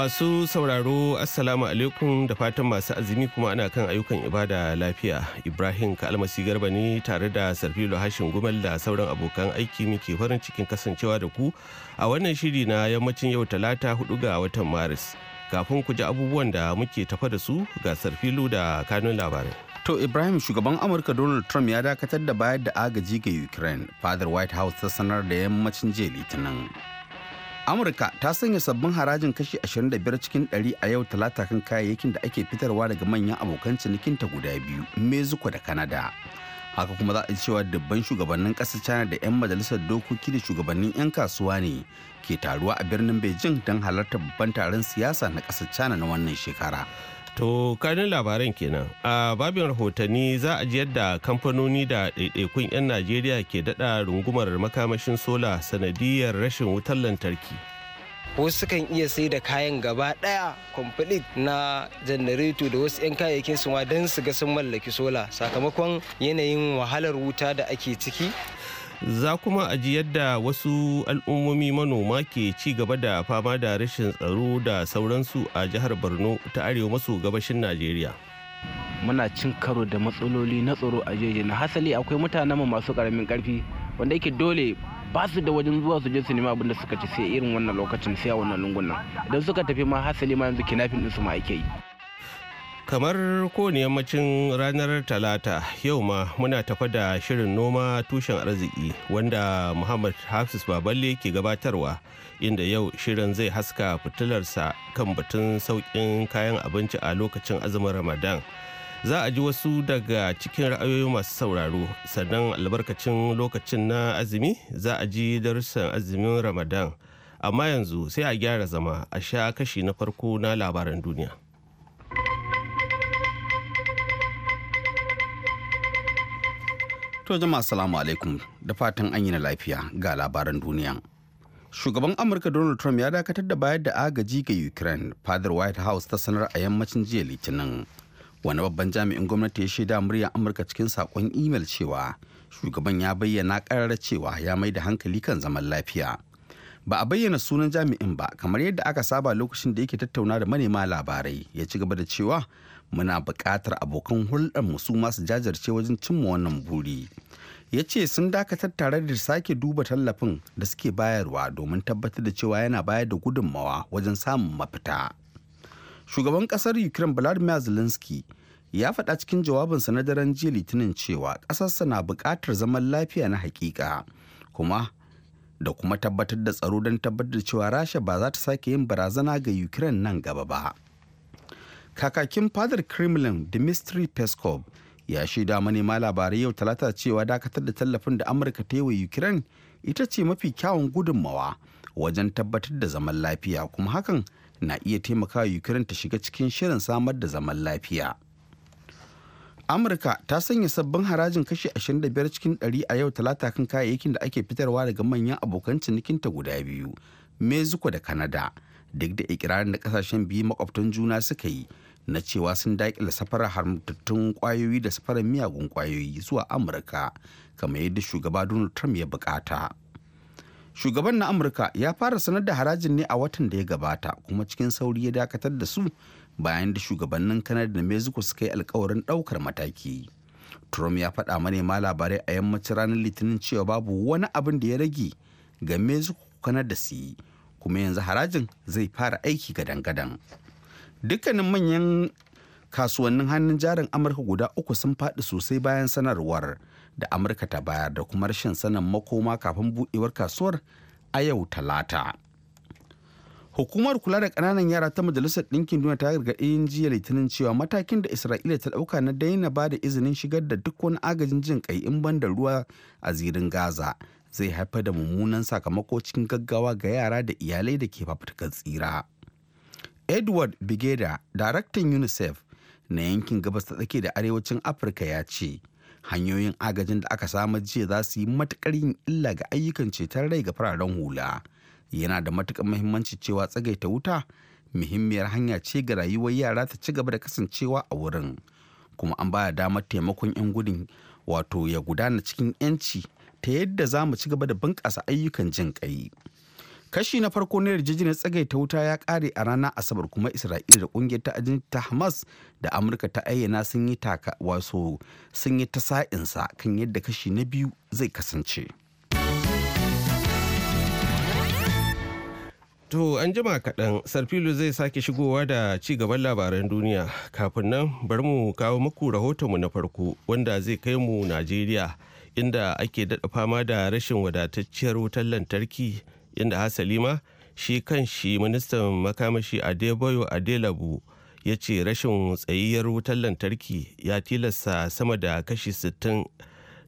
Masu sauraro Assalamu alaikum da fatan masu azumi kuma ana kan ayyukan ibada lafiya. Ibrahim Kalmasi Garba ne tare da Sarfilo Hashin Gumel da sauran abokan aiki muke farin cikin kasancewa da ku a wannan shiri na yammacin yau talata hudu ga watan Maris. Kafin ku ji abubuwan da muke tafa da su ga Sarfilo da kanun labarai. To Ibrahim shugaban Amurka Donald Trump ya dakatar da bayar da agaji ga Ukraine. Fadar White House ta sanar da yammacin jiya Litinin. amurka ta sanya sabbin harajin kashi 25 cikin 100 a yau talata kan kayayyakin da ake fitarwa daga manyan abokan cinikinta guda biyu mexico da canada haka kuma za a cewa dubban shugabannin ƙasar china da 'yan majalisar dokoki da shugabannin 'yan kasuwa ne ke taruwa a birnin beijing don halartar babban taron siyasa na ƙasar china na wannan shekara To kanin labaran kenan a babin rahotanni za a ji yadda kamfanoni da ɗaiɗaikun 'yan Najeriya ke daɗa rungumar makamashin sola sanadiyar rashin wutar lantarki. wasu kan iya sai da kayan gaba ɗaya complete na janareto da wasu 'yan kayayyakin su ma don su ga sun mallaki sola sakamakon yanayin wahalar wuta da ake ciki za kuma aji yadda wasu al'ummomi manoma ke ci gaba da fama da rashin tsaro da sauransu a jihar borno ta arewa maso gabashin najeriya muna cin karo da matsaloli na tsaro a jeji na hasali akwai mutanenmu masu karamin karfi wanda yake dole ba su da wajen zuwa su je su nemi abin da suka ci sai irin wannan lokacin sai a wannan lungunan idan suka tafi ma hasali ma yanzu kinafin din su ma ake yi kamar kowane yammacin ranar talata yau ma muna tafa da shirin noma tushen arziki wanda muhammad hafiz baballe ke gabatarwa inda yau shirin zai haska fitilarsa kan batun sauƙin kayan abinci a lokacin azumin ramadan za a ji wasu daga cikin ra'ayoyi masu sauraro sannan albarkacin lokacin na azumi za a ji darussan azumin ramadan amma yanzu sai a gyara zama a sha kashi na farko na labaran duniya. To jama salamu alaikum da fatan an yi na lafiya ga labaran duniya. Shugaban Amurka Donald Trump ya dakatar da bayar da agaji ga Ukraine, fadar White House ta sanar a yammacin jiya Litinin. Wani babban jami'in gwamnati ya shaida muryar Amurka cikin sakon imel cewa shugaban ya bayyana karar cewa ya mai da hankali kan zaman lafiya. Ba a bayyana sunan jami'in ba kamar yadda aka saba lokacin da yake tattauna da manema labarai ya ci gaba da cewa muna buƙatar abokan hulɗarmu su masu jajirce wajen cimma wannan buri ya ce sun dakatar tare da sake duba tallafin da suke bayarwa domin tabbatar da cewa yana bayar da gudunmawa wajen samun mafita shugaban ƙasar ukraine vladimir zelensky ya faɗa cikin jawabinsa na daren jiya litinin cewa ƙasarsa na buƙatar zaman lafiya na haƙiƙa kuma da kuma tabbatar da tsaro don tabbatar da cewa rasha ba za ta sake yin barazana ga ukraine nan gaba ba. kakakin fadar kremlin dmitry peskov ya shaida manema labarai yau talata cewa dakatar da tallafin da amurka ta yi wa ukraine ita ce mafi kyawun gudunmawa wajen tabbatar da zaman lafiya kuma hakan na iya taimakawa ukraine ta shiga cikin shirin samar da zaman lafiya amurka ta sanya sabbin harajin kashi 25 cikin 100 a yau talata kan kayayyakin da ake fitarwa daga manyan abokan cinikinta guda biyu mexico da canada duk da ikirarin da kasashen biyu makwabtan juna suka yi na cewa sun daƙila safarar haramtattun kwayoyi da safarar miyagun kwayoyi zuwa amurka kamar yadda shugaba donald trump ya bukata shugaban na amurka ya fara sanar da harajin ne a watan da ya gabata kuma cikin sauri ya dakatar da su bayan da shugabannin kanada da mexico suka yi alkawarin ɗaukar mataki trump ya faɗa manema labarai a yammacin ranar litinin cewa babu wani abin da ya rage ga mexico kanada su yi kuma yanzu harajin zai fara aiki gadan-gadan dukkanin manyan kasuwannin hannun jarin amurka guda uku sun faɗi sosai bayan sanarwar da amurka ta bayar da kuma rashin sanin makoma kafin buɗewar kasuwar a yau talata hukumar kula da ƙananan yara ta majalisar ɗinkin duniya ta gargaɗi jiya litinin cewa matakin da isra'ila ta ɗauka na daina ba da izinin shigar da duk wani agajin jin kai in ban da ruwa a zirin gaza zai haifar da mummunan sakamako cikin gaggawa ga yara da iyalai da ke fafutukar tsira. Edward Bigeda, daraktan UNICEF na yankin gabas ta tsaki da arewacin Afirka ya ce, hanyoyin agajin da aka samu jiya za su yi matukar yin illa ga ayyukan ceton rai ga fararen hula. Yana da matukar muhimmanci cewa tsagaita wuta muhimmiyar hanya ce ga rayuwar yara ta ci gaba da kasancewa a wurin. Kuma an baya damar taimakon 'yan gudun wato ya gudana cikin 'yanci ta yadda za mu ci gaba da bunƙasa ayyukan jin ƙai. kashi na farko na yarjejeniyar tsagaita wuta ya kare a ranar asabar kuma isra'ila da ƙungiyar ta'adin ta hamas da amurka ta ayyana sun yi taka waso sun yi ta sa'insa kan yadda kashi na biyu zai kasance To an jima kaɗan sarfilo zai sake shigowa da ci gaban labaran duniya kafin nan bari mu kawo muku mu na farko wanda zai kai mu najeriya inda ake daɗa fama da rashin wadatacciyar wutar lantarki inda hasali ma shi kan shi ministan makamashi adebayo adelabu ya ce rashin tsayayyar wutar lantarki ya tilasta sama da kashi 60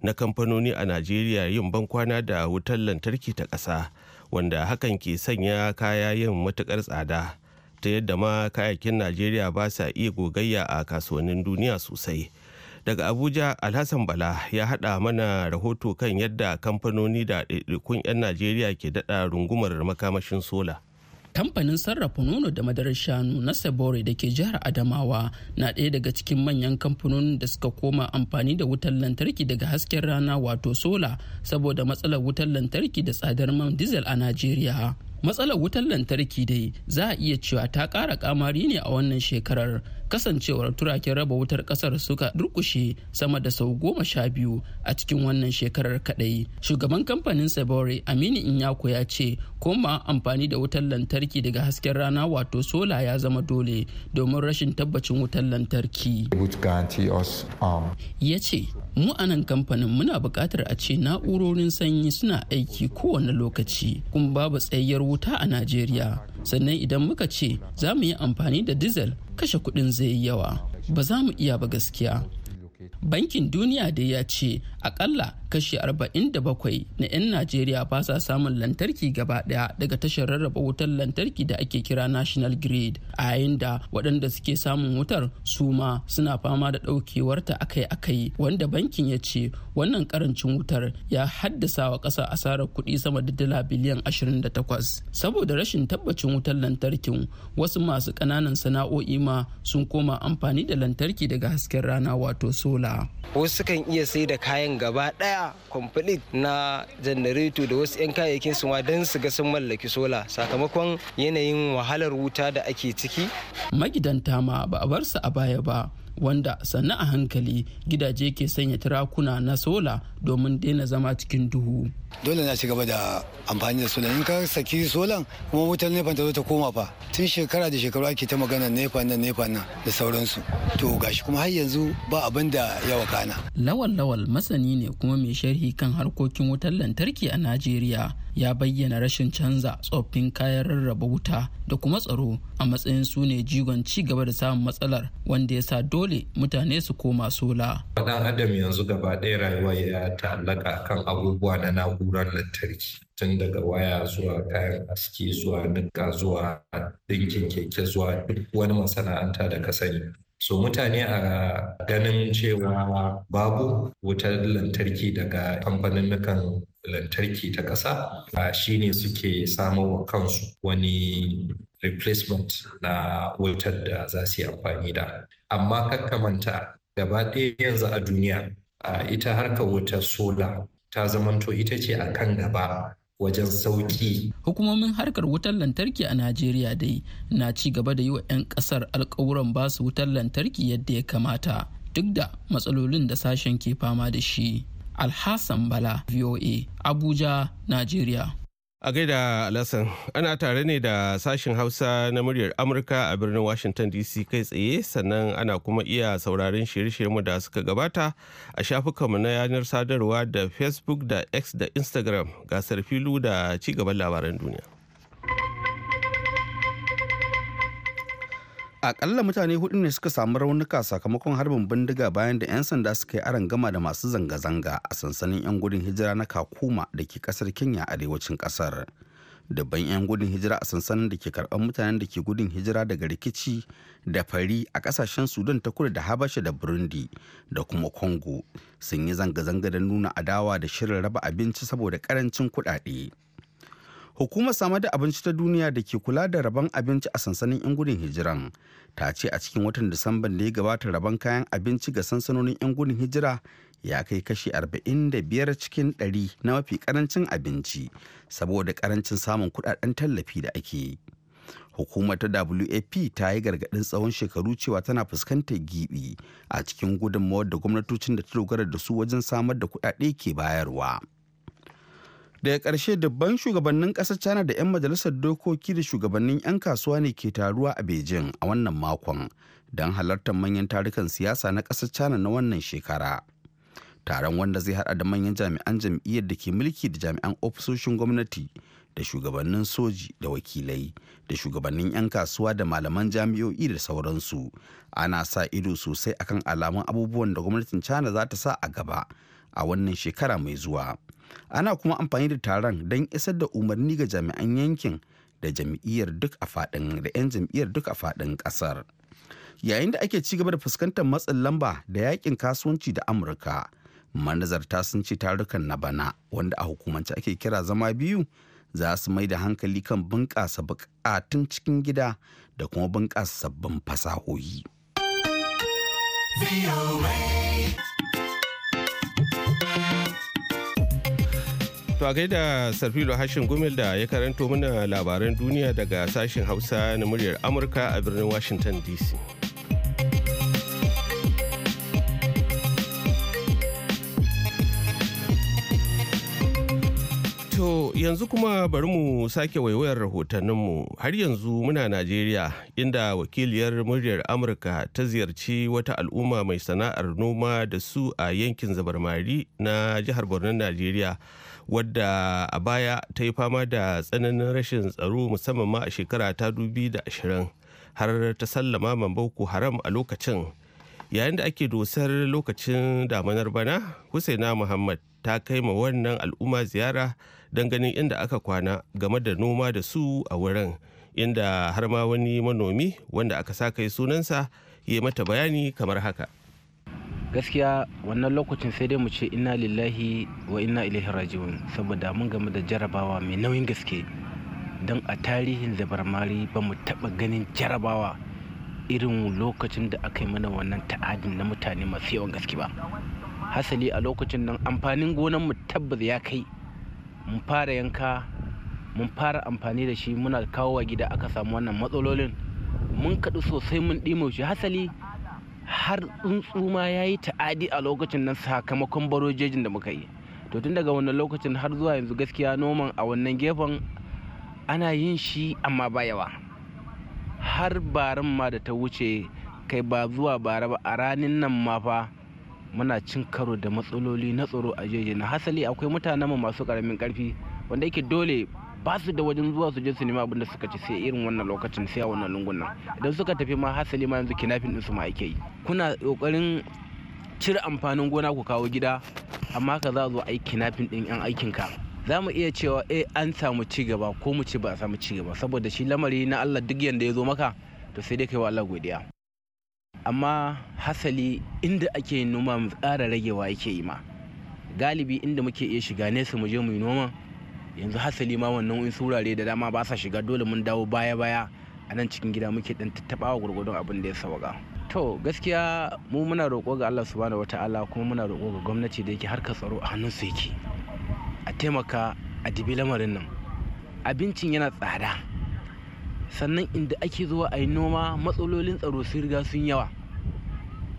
na kamfanoni a najeriya yin bankwana da wutar lantarki ta ƙasa wanda hakan ke sanya kaya yin matuƙar tsada ta yadda ma kayakin najeriya ba sa iya gogayya a kasuwannin duniya sosai. daga abuja alhassan bala ya haɗa mana rahoto kan yadda kamfanoni da ɗaiɗaikun 'yan najeriya ke daɗa rungumar makamashin sola kamfanin sarrafa nono da madarar shanu na sabore da ke jihar adamawa na ɗaya daga cikin manyan kamfanonin da suka koma amfani da wutar lantarki daga hasken rana wato sola saboda matsalar wutar lantarki da tsadar man diesel a najeriya matsalar wutar lantarki dai za a iya cewa ta ƙara ƙamari ne a wannan shekarar kasancewar turaken raba wutar kasar suka durkushe sama da sau goma sha biyu a cikin wannan shekarar kadai shugaban kamfanin sabore aminu inyako ya ce koma amfani da wutar lantarki daga hasken rana wato sola ya zama dole domin rashin tabbacin wutar lantarki um, ya ce mu anan kamfanin muna buƙatar a ce na'urorin sanyi suna aiki kowane lokaci kuma babu tsayayyar wuta a najeriya sannan idan muka ce za mu yi amfani da dizal kashe kuɗin zai yi yawa ba za mu iya ba gaskiya Bankin Duniya dai ya ce akalla kashi 47 na 'yan Najeriya ba sa samun lantarki gaba daya daga tashar rarraba wutar lantarki da ake kira National Grid a yayin da waɗanda suke samun wutar su ma suna fama da ɗaukewarta akai-akai wanda bankin ya ce wannan karancin wutar ya haddasa wa ƙasa asarar kuɗi sama da dala biliyan 28 saboda rashin tabbacin wutar lantarkin wasu masu ƙananan sana'o'i ma sun koma amfani da lantarki daga hasken rana wato so sola wasu kan iya sai da kayan gaba daya complete na janareto da wasu 'yan kayayyakin su ma don su ga sun mallaki sola sakamakon yanayin wahalar wuta da ake ciki magidanta ma ba a bar su a baya ba wanda sannu a hankali gidaje ke sanya tirakuna na sola domin daina zama cikin duhu dole na ci gaba da amfani da sola in ka saki solan kuma wutar nefa ta zo ta koma fa tun shekara da shekaru ake ta magana nefa nan nefa nan da sauransu to gashi kuma har yanzu ba abin da ya wakana lawal lawal masani ne kuma mai sharhi kan harkokin wutar lantarki a najeriya ya bayyana rashin canza tsoffin kayan rarraba wuta da kuma tsaro a matsayin su ne jigon ci gaba da samun matsalar wanda ya sa dole mutane su koma sola. Wadan adam yanzu gaba ɗaya rayuwa ya ta'allaka kan abubuwa na na'urar lantarki tun daga waya zuwa kayan aski zuwa nika zuwa ɗinkin keke zuwa duk wani masana'anta da ka sani. So mutane a ganin cewa babu wutar lantarki daga kamfanin lantarki ta ƙasa shine suke wa kansu wani replacement na wutar da za su yi amfani da. Amma kakkamanta gaba ɗaya yanzu a duniya ita harkar wutar sola ta zamanto ita ce a kan gaba wajen sauki. Hukumomin harkar wutar lantarki a Najeriya dai na ci gaba da yi wa 'yan kasar alkawuran su wutar lantarki yadda ya kamata duk da matsalolin da sashen ke fama da shi. Alhassan Bala, VOA, Abuja, Najeriya. A gaida Alasan, ana tare ne da sashen Hausa na muryar Amurka a birnin Washington DC kai tsaye sannan ana kuma iya sauraron shirye-shiryenmu da suka gabata a shafukanmu na yanar sadarwa da Facebook da X da Instagram gasar filu da cigaban labaran duniya. akalla mutane hudu ne suka samu raunuka sakamakon harbin bindiga bayan da 'yan sanda suka yi aron gama da masu zanga-zanga a sansanin 'yan gudun hijira na kakuma da ke kasar kenya arewacin kasar dabban 'yan gudun hijira a sansanin da ke karɓar mutanen da ke gudun hijira daga rikici da fari a kasashen sudan ta kudu da habasha da burundi da kuma congo sun yi zanga-zanga da nuna adawa da shirin raba abinci saboda karancin kuɗaɗe hukumar samar da abinci ta duniya da ke kula da rabon abinci a sansanin 'yan gudun hijiran ta ce a cikin watan disamban da ya gabata rabon kayan abinci ga sansanonin 'yan gudun hijira ya kai kashi 45 cikin 100 na mafi karancin abinci saboda karancin samun kudaden tallafi da ake hukumar ta wap ta yi gargadin tsawon shekaru cewa tana fuskantar gibi a cikin gudunmawar da gwamnatocin da ta dogara da su wajen samar da kudade ke bayarwa. daga ƙarshe dubban shugabannin ƙasar china da 'yan majalisar dokoki da shugabannin 'yan kasuwa ne ke taruwa a beijing a wannan makon don halartar manyan tarukan siyasa na ƙasar china na wannan shekara taron wanda zai hada da manyan jami'an jam'iyyar da ke mulki da jami'an ofisoshin gwamnati da shugabannin soji da wakilai da shugabannin 'yan kasuwa da malaman jami'o'i da sauransu ana sa ido sosai akan alamun abubuwan da gwamnatin china za ta sa a gaba a wannan shekara mai zuwa ana kuma amfani da taron don isar da umarni ga jami'an yankin da duk a faɗin da 'yan jam'iyyar duk a faɗin ƙasar yayin da ake ci gaba da fuskantar matsin lamba da yakin kasuwanci da amurka manazarta sun ce tarukan na bana wanda a hukumance ake kira zama biyu za su mai da hankali kan bunƙasa buƙatun cikin gida da kuma bunƙasa sabbin fasahohi. To a gaida Sarfilo Hashin Gumil da ya karanto mana labaran duniya daga sashen Hausa na muryar Amurka a birnin Washington DC. To yanzu kuma bari mu sake waiwayar rahotanninmu har yanzu muna Najeriya inda wakiliyar muryar Amurka ta ziyarci wata al'umma mai sana'ar noma da su a yankin zabarmari na jihar Borno Najeriya. wadda a baya ta yi fama da tsananin rashin tsaro musamman ma a shekara ta da ashirin har ta sallama mambauku haram a lokacin yayin da ake dosar lokacin damanar bana husaina muhammad ta kai ma wannan al'umma ziyara don ganin inda aka kwana game da noma da su a wurin inda har ma wani manomi wanda aka sa kai sunansa ya mata bayani kamar haka gaskiya wannan lokacin sai dai mu ce ina lillahi wa ina ilaihi raji'un saboda mun game da jarabawa mai nauyin gaske don a tarihin zabarmari ba mu taɓa ganin jarabawa irin lokacin da aka yi mana wannan ta'adin na mutane masu yawan gaske ba hasali a lokacin nan amfanin gonan mu tabbas ya kai mun fara yanka mun fara amfani da shi muna kawowa gida aka samu wannan matsalolin mun kaɗu sosai mun ɗimo shi hasali har tsuntsu ma ya yi ta'adi a lokacin nan sakamakon barojejin da muka yi to tun daga wannan lokacin har zuwa yanzu gaskiya noman a wannan gefen ana yin shi amma ba yawa har barin ma da ta wuce kai ba zuwa bara ba a ranin nan ma fa muna cin karo da matsaloli na tsaro a jejin na hasali akwai mutanen masu karamin karfi wanda yake dole ba su da wajen zuwa su je su nemi abin da suka ci sai irin wannan lokacin sai a wannan lungun nan idan suka tafi ma hasali ma yanzu kinafin din su ma ake yi kuna kokarin cire amfanin gona ku kawo gida amma ka za zo ai kinafin din yan aikin ka za mu iya cewa eh an samu ci gaba ko mu ci ba a samu ci gaba saboda shi lamari na Allah duk yanda ya zo maka to sai dai kai wa Allah godiya amma hasali inda ake yin noma mu tsara ragewa yake yi ma galibi inda muke iya shiga nesa mu je mu yi noman yanzu hasali ma wannan in surare da dama ba sa shiga dole mun dawo baya baya a nan cikin gida muke dan tattabawa gurgudun abin da ya sauka to gaskiya mu muna roƙo ga Allah subhanahu wataala kuma muna roƙo ga gwamnati da yake harkar tsaro a hannun su yake a taimaka a dibi lamarin nan abincin yana tsada sannan inda ake zuwa a yi noma matsalolin tsaro sun riga sun yawa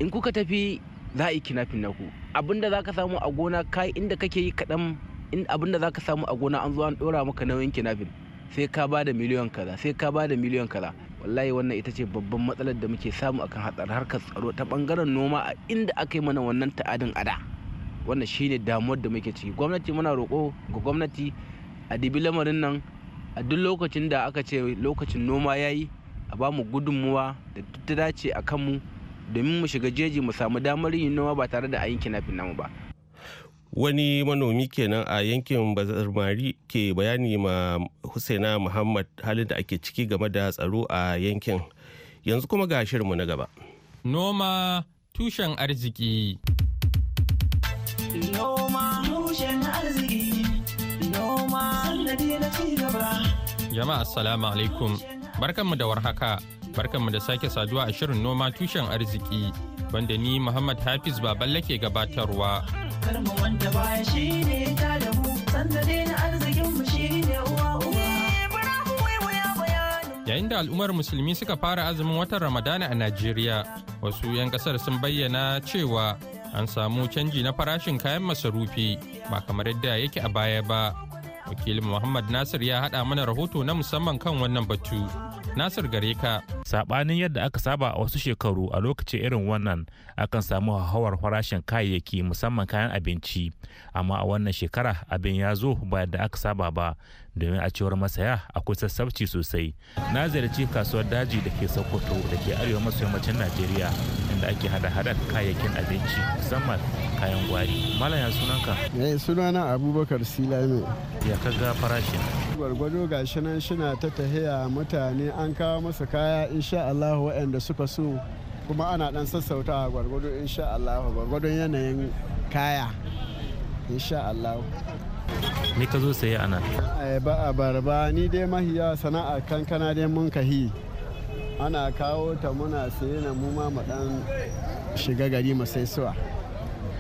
in kuka tafi za a yi kinafin naku abinda za ka samu a gona kai inda kake yi kaɗan in abin da zaka samu a gona an zo an dora maka nauyin kinafin sai ka ba da miliyan kaza sai ka ba da miliyan kaza wallahi wannan ita ce babban matsalar da muke samu akan hatsar harkar tsaro ta bangaren noma a inda aka yi mana wannan ta'adin ada wannan shine damuwar da muke ciki gwamnati muna roƙo ga gwamnati a dibi lamarin nan a duk lokacin da aka ce lokacin noma yayi a ba mu gudunmuwa da ta dace a kanmu domin mu shiga jeji mu samu damar yin noma ba tare da an yi kinafin namu ba wani manomi kenan a yankin bazarmari ke bayani ma husaina muhammad halin da ake ciki game da tsaro a yankin yanzu kuma ga shirinmu na gaba noma tushen arziki jama'a assalamu alaikum barkanmu da warhaka barkanmu da sake saduwa a shirin noma tushen arziki wanda ni Muhammad Hafiz Baballe ke gabatarwa. Yayin da al'ummar musulmi suka fara azumin watan Ramadana a Najeriya, wasu 'yan kasar sun bayyana cewa an samu canji na farashin kayan masarufi ba kamar yadda yake a baya ba. Wakilin Muhammad Nasir ya haɗa mana rahoto na musamman kan wannan batu. Nasir gare ka. Sabanin yadda aka saba a wasu shekaru a lokaci irin wannan akan samu hauhawar farashin kayayyaki musamman kayan abinci. Amma a wannan shekara abin ya zo ba yadda aka saba ba domin a cewar masaya akwai sassabci sosai. Na ziyarci kasuwar daji da ke Sokoto da ke arewa maso yammacin Najeriya inda ake hada hadar kayayyakin abinci musamman kayan gwari. Malam ya sunanka? Eh, sunana Abubakar Silame. Ya kaga farashin. gwargwado ga shi nan shina ta tahiya mutane an kawo masa kaya insha Allah waɗanda suka so kuma ana dan sassauta gwargwado insha Allah gwargwadon yanayin kaya insha Allah ni ka zo saye ana ba a barba ni dai mahiya sana'a kankana dai mun kahi ana kawo ta muna saye na mu ma dan shiga gari mu sai suwa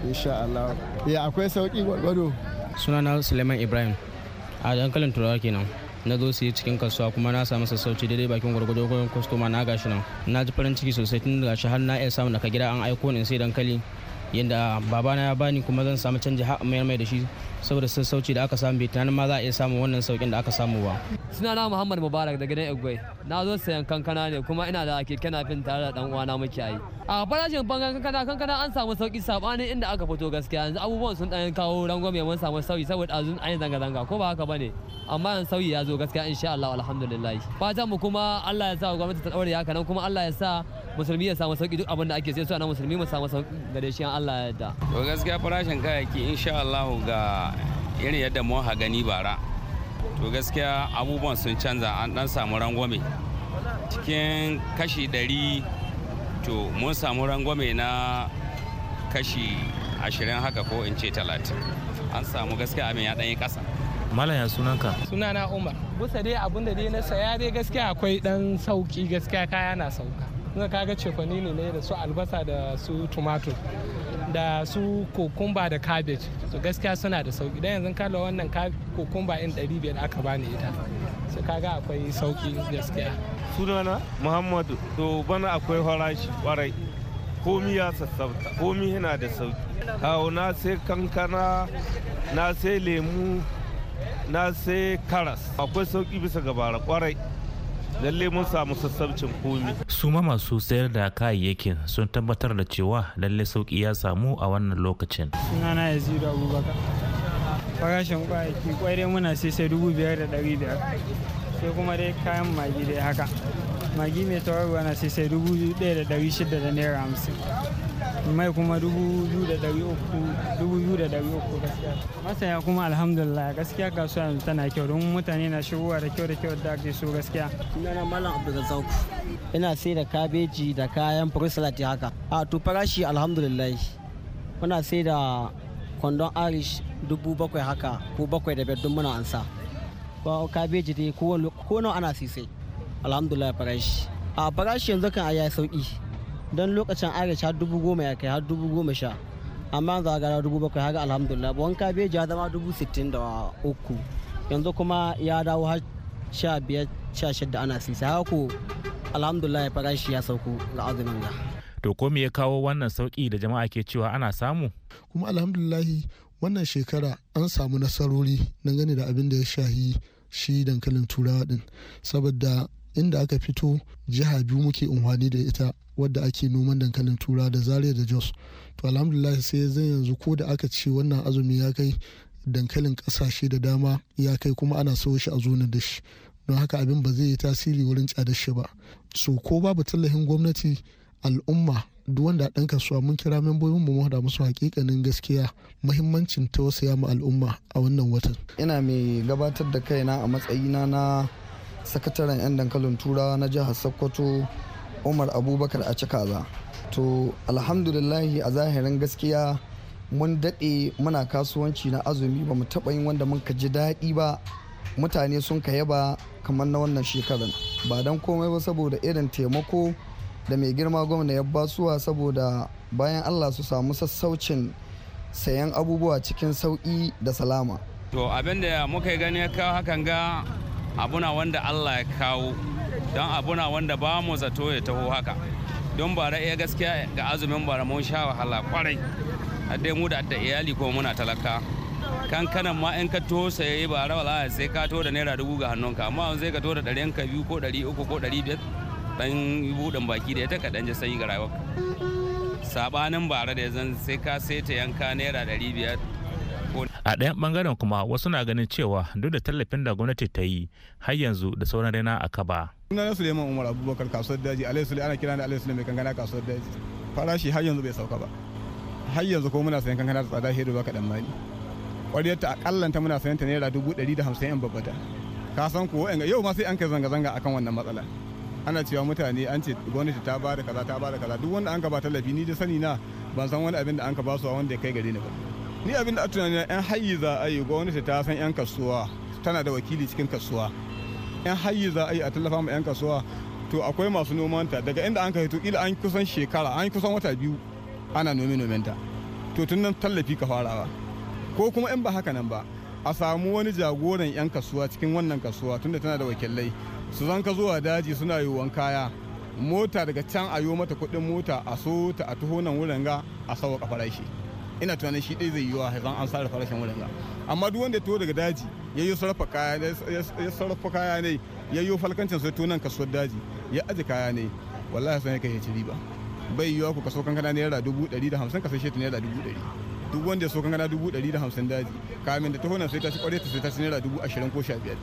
insha Allah ya akwai sauki gwargwado sunana Suleiman Ibrahim a dankalin turawa kenan na zo yi cikin kasuwa kuma na samu sassauci daidai bakin gwargwado gurin kwastoma na gashi nan na ji farin ciki sosai tun da gashi har na iya samu daga gida an aiko ne sai dankali yadda babana ya bani kuma zan samu canji har mayar mai da shi saboda sun sauci da aka samu bai tunanin ma za a iya samun wannan saukin da aka samu ba suna na muhammad mubarak da gidan igwe na zo sayan kankana ne kuma ina da keke nafin tare da dan uwana muke ayi. a farashin bangan kankana kankana an samu sauki sabanin inda aka fito gaskiya yanzu abubuwan sun dan kawo rangwame mun samu sauyi saboda azun an zanga zanga ko ba haka bane amma yanzu sauyi ya zo gaskiya insha Allah alhamdulillah fatan mu kuma Allah ya sa gwamnati ta daure haka nan kuma Allah ya sa musulmi ya samu sauki duk abin da ake sai su ana musulmi mu samu sauki ga dashiyan Allah yadda to gaskiya farashin kayayyaki insha Allah ga irin yadda mu ha gani bara to gaskiya abubuwan sun canza an dan samu rangwame cikin kashi ɗari to mun samu rangwame na kashi ashirin haka ko in ce talatin an samu gaskiya abin ya ɗan yi ƙasa malam ya sunanka sunana umar busa dai abinda dai na saya dai gaskiya akwai dan sauki gaskiya kaya na sauka ka kaga cefani ne da su albasa da su tumatur da su kokumba da cabbage to gaskiya suna da sauki dan yanzu kala wannan kokumba in 500 aka bani ita su kaga akwai sauki gaskiya sunana muhammadu to bana akwai farashi kwarai komi ya sassauta komi yana da sauki kawo na sai kankana na sai lemu na sai karas akwai sauki bisa gabara kwarai lalle mun samu sassabcin komi su ma masu sayar da kayayyakin sun tabbatar da cewa lalle sauki ya samu a wannan lokacin sunana yazidu abubakar farashin kwayaki muna sai sai dubu biyar da dari biyar sai kuma dai kayan magi dai haka magi mai tawarwa na sai sai dubu ɗaya da ɗari shida da naira hamsin mai kuma dubu biyu da ɗari uku dubu biyu da ɗari uku gaskiya masaya kuma alhamdulillah gaskiya kasuwa yanzu tana kyau don mutane na shigowa da kyau da kyau da ake so gaskiya sunana malam abdulrazak ina sai da kabeji da kayan fruit haka a to farashi alhamdulillah muna sai da kwandon irish dubu bakwai haka ko bakwai da biyar muna ansa ko kabeji dai ko ana sisai alhamdulillah farashi a farashi yanzu kan ya sauki don lokacin arish har dubu goma ya kai har dubu goma sha amma yanzu a gara dubu bakwai haka alhamdulillah buwan kabeji ya zama dubu sittin da uku yanzu kuma ya dawo har sha biyar sha shidda ana sisa haka ko alhamdulillah farashi ya sauko ga azumin ga to ko me ya kawo wannan sauki da jama'a ke cewa ana samu kuma alhamdulillah wannan shekara an samu nasarori dangane da abin da ya shahi shi dankalin turawa din saboda inda aka fito jiha biyu muke unhwani da ita wadda ake noman dankalin tura da zaria da jos to alhamdulillah sai zan yanzu ko da aka ce wannan azumi ya kai dankalin kasashe da dama ya kai kuma ana sawo shi a zonar da shi don haka abin ba zai yi tasiri wurin cadar shi ba so ko babu tallafin gwamnati al'umma duk wanda ɗan kasuwa mun kira membobin mu haɗa musu hakikanin gaskiya muhimmancin tausaya ma al'umma a wannan watan ina mai gabatar da kaina a matsayina na sakataren 'yan dankalin turawa na jihar sokoto umar abubakar a cikaza to alhamdulillahi a zahirin gaskiya mun daɗe muna kasuwanci na azumi ba mu taɓa yin wanda mun ka ji daɗi ba mutane sun ka yaba kamar na wannan shekarun ba don komai ba saboda irin taimako da mai girma gwamna ya basuwa saboda bayan allah su samu sassaucin sayan abubuwa cikin sauƙi da salama to abin muka gani ya hakan ga abuna wanda allah ya kawo don abuna wanda ba mu zato ya taho haka don da iya gaskiya ga azumin bara mun sha wahala kwarai dai mu da da iyali ko muna talaka kankanan ma in ka to sai ba rawa la sai ka to da naira dubu ga hannunka amma zai ka to da ɗari ka biyu ko ɗari uku ko ɗari biyar dan buɗin baki da ya taka ɗan ji sanyi ga rayuwa sabanin bara da yanzu zan sai ka sai ta yanka naira ɗari biyar a ɗayan ɓangaren kuma wasu na ganin cewa duk da tallafin da gwamnati ta yi har yanzu da sauran raina a kaba sunana suleiman umar abubakar kasuwar daji alayhi sule ana kira da alayhi sule mai kankana kasuwar daji farashi har yanzu bai sauka ba har yanzu ko muna sayan kankana da tsada hedu ba kaɗan mani ƙwariyar ta akallanta muna sayan ta naira dubu ɗari da hamsin yan babbata ka san ko yau ma sai an kai zanga-zanga akan wannan matsala ana cewa mutane an ce gwamnati ta ba da kaza ta ba da kaza duk wanda an ka ba tallafi ni da sani na ban san wani abin da an ka ba su a wanda ya kai gare ni ba ni abin da a tunanin yan hayi za a yi gwamnati ta san yan kasuwa tana da wakili cikin kasuwa yan hayi za a yi a tallafa ma yan kasuwa to akwai masu nomanta daga inda an kai to ila an kusan shekara an kusan wata biyu ana nome ta to tun nan tallafi ka farawa ko kuma in ba haka nan ba a samu wani jagoran yan kasuwa cikin wannan kasuwa tunda tana da wakilai su zanka zuwa daji suna yiwuwan kaya mota daga can a mata kuɗin mota a so ta a taho nan wurin ga a sauwa farashi. ina tunanin shi ɗaya zai yiwa haifan an sarrafa rashin wurin ga amma duk wanda to daga daji ya yi sarrafa kaya ne ya sarrafa kaya ne ya yi falkancin sai tunan kasuwar daji ya aji kaya ne wallahi sai kai ya ci riba bai yiwa ku kaso kankana naira dubu ɗari da hamsin kasashe ta naira dubu ɗari duk wanda ya so kankana dubu ɗari da hamsin daji kamin da ta honan sai ta ci kwarai ta sai ta ci naira dubu ashirin ko sha biyar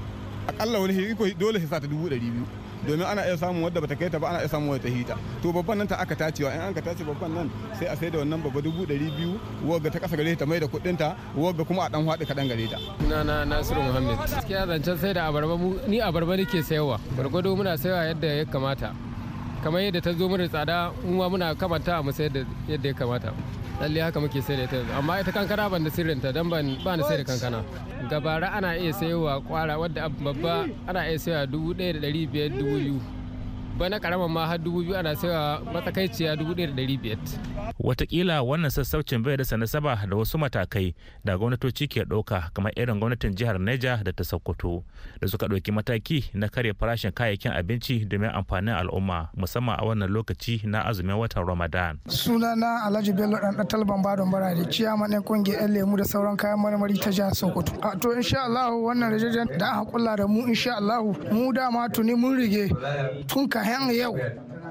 akalla wani dole sai sa ta dubu ɗari biyu domin ana iya samun wadda bata kai ta ba ana iya samun wadda ta hita to babban nan ta aka tace wa in an ka tace babban nan sai a sai da wannan babba dubu ɗari biyu wagga ta kasa gare ta mai da kuɗin ta wagga kuma a dan wadi kaɗan gare ta. na na nasiru muhammad gaskiya zancen sai da abarba ni abarba nake sayarwa gwargwado muna sayarwa yadda ya kamata kamar yadda ta zo mana tsada mu muna kamata mu sayar da yadda ya kamata lalle haka muke sayar da ta amma ita kankana ban da sirrinta dan ban ba ni sayar da kankana gabara ana iya sayowa kwara wadda babba ana iya sayowa dubu ɗaya da ɗari biyar dubu biyu bana karamar ma har dubu biyu ana saiwa matsakaiciya dubu ɗaya da ɗari biyar. Wataƙila wannan sassaucin bai da saba da wasu matakai da gwamnatoci ke ɗauka kamar irin gwamnatin jihar Neja da ta Sokoto da suka ɗauki mataki na karya farashin kayayyakin abinci domin amfanin al'umma musamman a wannan lokaci na azumin watan Ramadan. Sunana Alhaji Bello ɗan ɗan talban da ciya ma ɗan kungiyar ƴan lemu da sauran kayan marmari ta jihar Sokoto. A to insha Allah wannan rajajen da aka kula da mu insha Allah mu dama tuni mun rige tun ka yan yau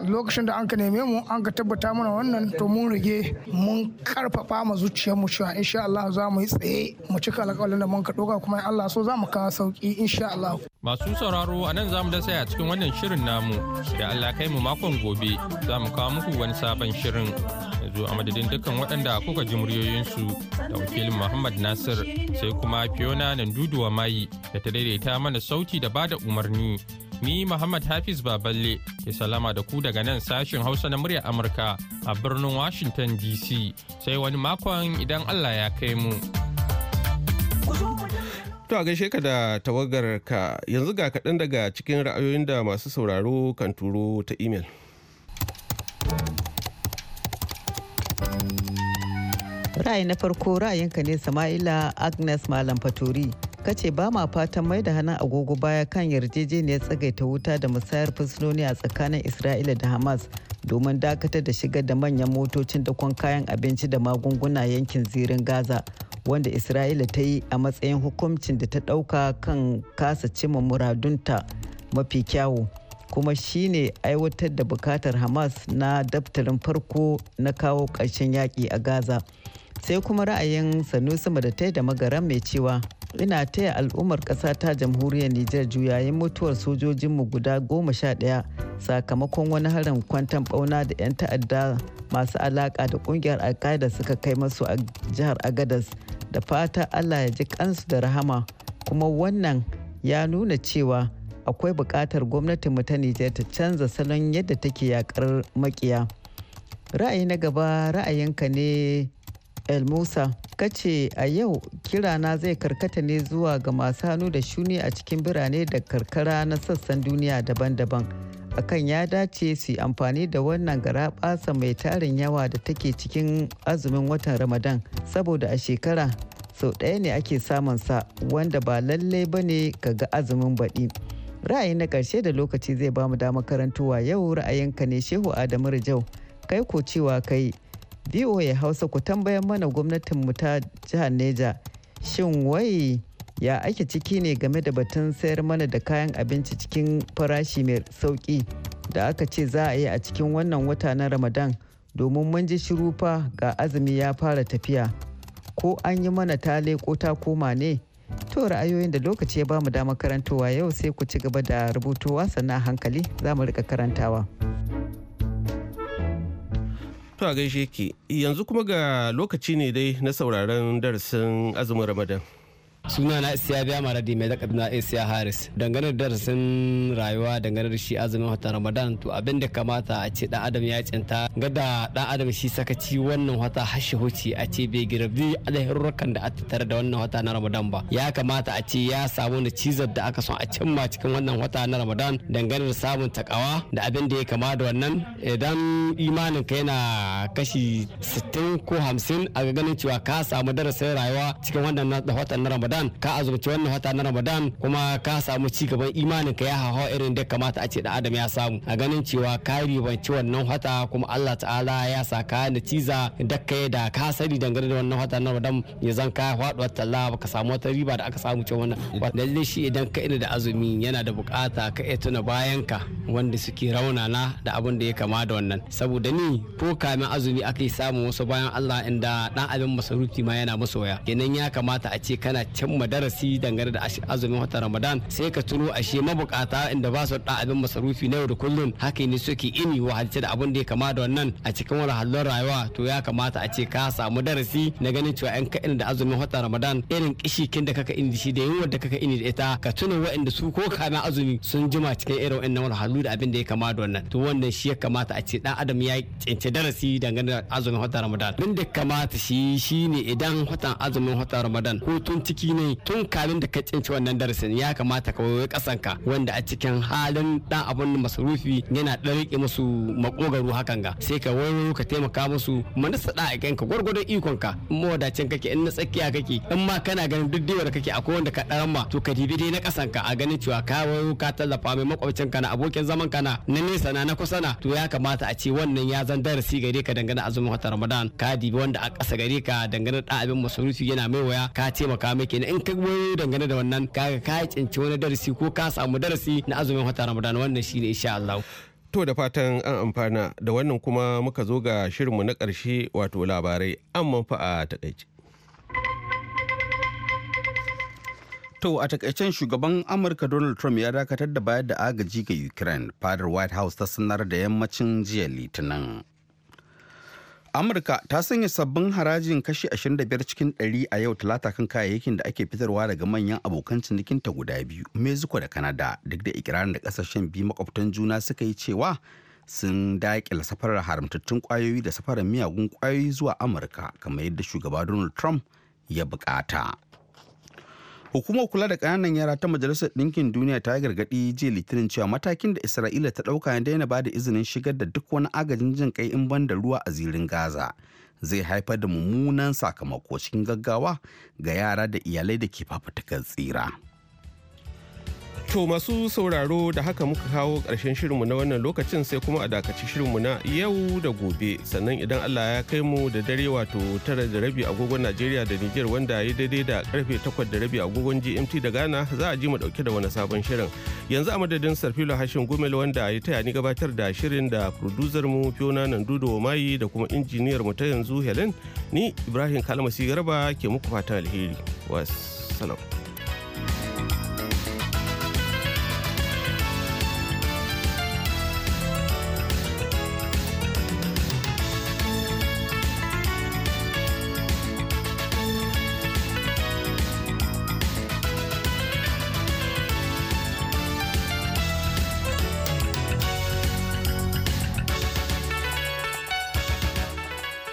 lokacin da an ka neme mu an ka tabbata mana wannan to mun rige mun karfafa ma zuciyarmu cewa insha Allah za mu yi tsaye mu cika alƙawarin da mun ka doka kuma Allah so za mu kawo sauki insha Allah masu sauraro a nan za mu da cikin wannan shirin namu da Allah kai mu makon gobe za mu kawo muku wani sabon shirin yanzu a madadin dukkan waɗanda kuka ji muryoyinsu da wakilin Muhammad Nasir sai kuma Fiona Nanduduwa Mayi da ta daidaita mana sauti da bada umarni Ni Muhammad Hafiz Baballe ke salama da ku daga nan sashin Hausa na muryar Amurka a birnin Washington DC sai wani makon idan Allah ya kai mu. To a gaishe ka da tawagar ka yanzu ga kaɗan daga cikin ra'ayoyin da masu sauraro kan turo ta imel. Ra'ayi na farko ra'ayinka ne Sama'ila Agnes Malam Fatori. ka ce ba ma fatan mai da hannun agogo baya kan yarjejeniyar tsagaita wuta da musayar fursunoni a tsakanin isra'ila da hamas domin dakatar da shigar da manyan motocin da kwan kayan abinci da magunguna yankin zirin gaza wanda isra'ila ta yi a matsayin hukumcin da ta dauka kan kasa cimma muradunta mafi kyawu kuma shine aiwatar da bukatar hamas na daftarin farko na kawo ƙarshen yaƙi a gaza sai kuma ra'ayin sanusi da ta da magaran mai cewa ina taya al'ummar ƙasa ta jamhuriyar Nijar juyayin mutuwar sojojinmu guda goma sha ɗaya sakamakon wani harin kwantan ɓauna da 'yan ta'adda masu alaƙa da ƙungiyar alkaida suka kai masu a jihar Agadas da fata Allah ya ji kansu da rahama kuma wannan ya nuna cewa akwai buƙatar gwamnatinmu ta Nijar ta canza salon yadda take yakar makiya. Ra'ayi na gaba ra'ayinka ne el musa kace a yau kirana zai karkata ne zuwa ga masu hannu da shuni a cikin birane da karkara na sassan duniya daban-daban akan ya dace su amfani da wannan gara basa mai tarin yawa da take cikin azumin watan ramadan saboda a shekara sau ɗaya ne ake samun sa wanda ba lallai ba ne ga azumin baɗi ra'ayi na ƙarshe da lokaci zai ba mu damar karantowa yau ra'ayinka ne shehu adamu rijau kai ko cewa kai voa hausa ku tambayan mana gwamnatinmu ta jihar neja shin wai ya ake ciki ne game da batun sayar mana da kayan abinci cikin farashi mai sauki da aka ce za a yi a cikin wannan wata na ramadan domin mun ji shiru fa ga azumi ya fara tafiya ko an yi mana ta ko ta koma ne to ra'ayoyin da lokaci ya bamu dama karantowa yau sai ku ci gaba da rubutuwa sannan hankali za mu rika karantawa. To a gaishe ki yanzu kuma ga lokaci ne dai na sauraron darasin azumin Ramadan. suna na isiya biya mara di mai na isiya haris dangane da darasin rayuwa dangane da shi azumin watan ramadan to abin da kamata a ce dan adam ya cinta gada dan adam shi sakaci wannan wata hashe huci a ce bai girbi alherurrukan da a tare da wannan wata na ramadan ba ya kamata a ce ya samu na cizar da aka son a cimma cikin wannan wata na ramadan dangane da samun takawa da abin da ya kama da wannan idan imanin ka yana kashi 60 ko 50 a ga ganin cewa ka samu darasin rayuwa cikin wannan watan na ramadan ramadan ka azurci wannan wata na ramadan kuma ka samu ci gaban imanin ka ya hawa irin da kamata a ce da adam ya samu a ganin cewa ka ribanci wannan wata kuma allah ta'ala ya sa ka ciza da yi da ka sani dangane da wannan wata na ramadan ya zan ka faduwar talla baka samu wata riba da aka samu cewa wannan lallai shi idan ka ina da azumi yana da bukata ka iya tuna bayan ka wanda suke raunana da abin da ya kama da wannan saboda ni ko kamin azumi aka yi samun wasu bayan allah inda dan abin masarufi ma yana masoya kenan ya kamata a ce kana cimma madarasi dangane da azumin watan ramadan sai ka a shi mabukata inda ba su da abin masarufi na yau da kullum haka ne suke ini wahalce da abin da ya kama da wannan a cikin wahalhalun rayuwa to ya kamata a ce ka samu darasi na ganin cewa yan ka da azumin watan ramadan irin kishikin da kaka ini shi da yunwar da kaka ini da ita ka tuna waɗanda su ko kamin azumi sun jima cikin irin wani wahalhalu da abin da ya kama da wannan to wannan shi ya kamata a ce dan adam ya cince darasi dangane da azumin watan ramadan abin da kamata shi shine idan watan azumin watan ramadan ko tun ciki shine tun kafin da ka tsinci wannan darasin ya kamata ka wayo kasanka wanda a cikin halin dan abun masarufi yana da rike musu makogaro hakan ga sai ka wayo ka taimaka musu manasa da aikin ka gwargwadon ikon ka in wadacin kake in na tsakiya kake in ma kana ganin duk da kake akwai wanda ka dan ma to ka dibi dai na kasanka a ganin cewa ka wayo ka tallafa mai makwabcin ka na abokin zaman ka na na nesa na na kusa na to ya kamata a ce wannan ya zan darasi gare ka dangane azumin watan Ramadan ka dibi wanda a kasa gare ka dangane da abin masarufi yana mai waya ka taimaka miki ina in ka goyo dangane da wannan kaga ka cinci wani darasi ko ka samu darasi na azumin wata ramadan wannan shine insha Allah To da fatan an amfana da wannan kuma muka zo ga shirinmu na ƙarshe wato labarai an fa a takaice. To a takaicen shugaban Amurka Donald Trump ya dakatar da bayar da agaji ga Ukraine fadar White House ta sanar da yammacin jiya Litinin. amurka ta sanya sabbin harajin kashi 25 cikin 100 a yau talata kan kayayyakin da ake fitarwa daga manyan abokan cinikinta guda biyu mexico da canada duk da ikirarin da kasashen biyu makwabtan juna suka yi cewa sun daƙila safarar haramtattun kwayoyi da safarar miyagun kwayoyi zuwa amurka kamar yadda shugaba donald trump ya bukata. hukumar kula da kananan yara ta majalisar ɗinkin duniya ta yi gargaɗi jiya litinin cewa matakin da isra'ila ta ɗauka ya daina ba da izinin shigar da duk wani agajin jin kai in ban da ruwa a zirin gaza zai haifar da mummunan sakamako cikin gaggawa ga yara da iyalai da ke fafutukar tsira. To masu sauraro da haka muka kawo ƙarshen shirinmu na wannan lokacin sai kuma a dakaci shirinmu na yau da gobe sannan idan Allah ya kai mu da dare wato tara da rabi agogon Najeriya da Nijar wanda ya daidai da karfe takwas da rabi agogon GMT da Ghana za a ji mu dauke da wani sabon shirin. Yanzu a madadin Sarfilo Hashim Gumel wanda ya taya ni gabatar da shirin da producer mu Fiona Nandudo Mayi da kuma injiniyar mu ta yanzu Helen ni Ibrahim Kalmasi Garba ke muku fatan alheri. Wassalam.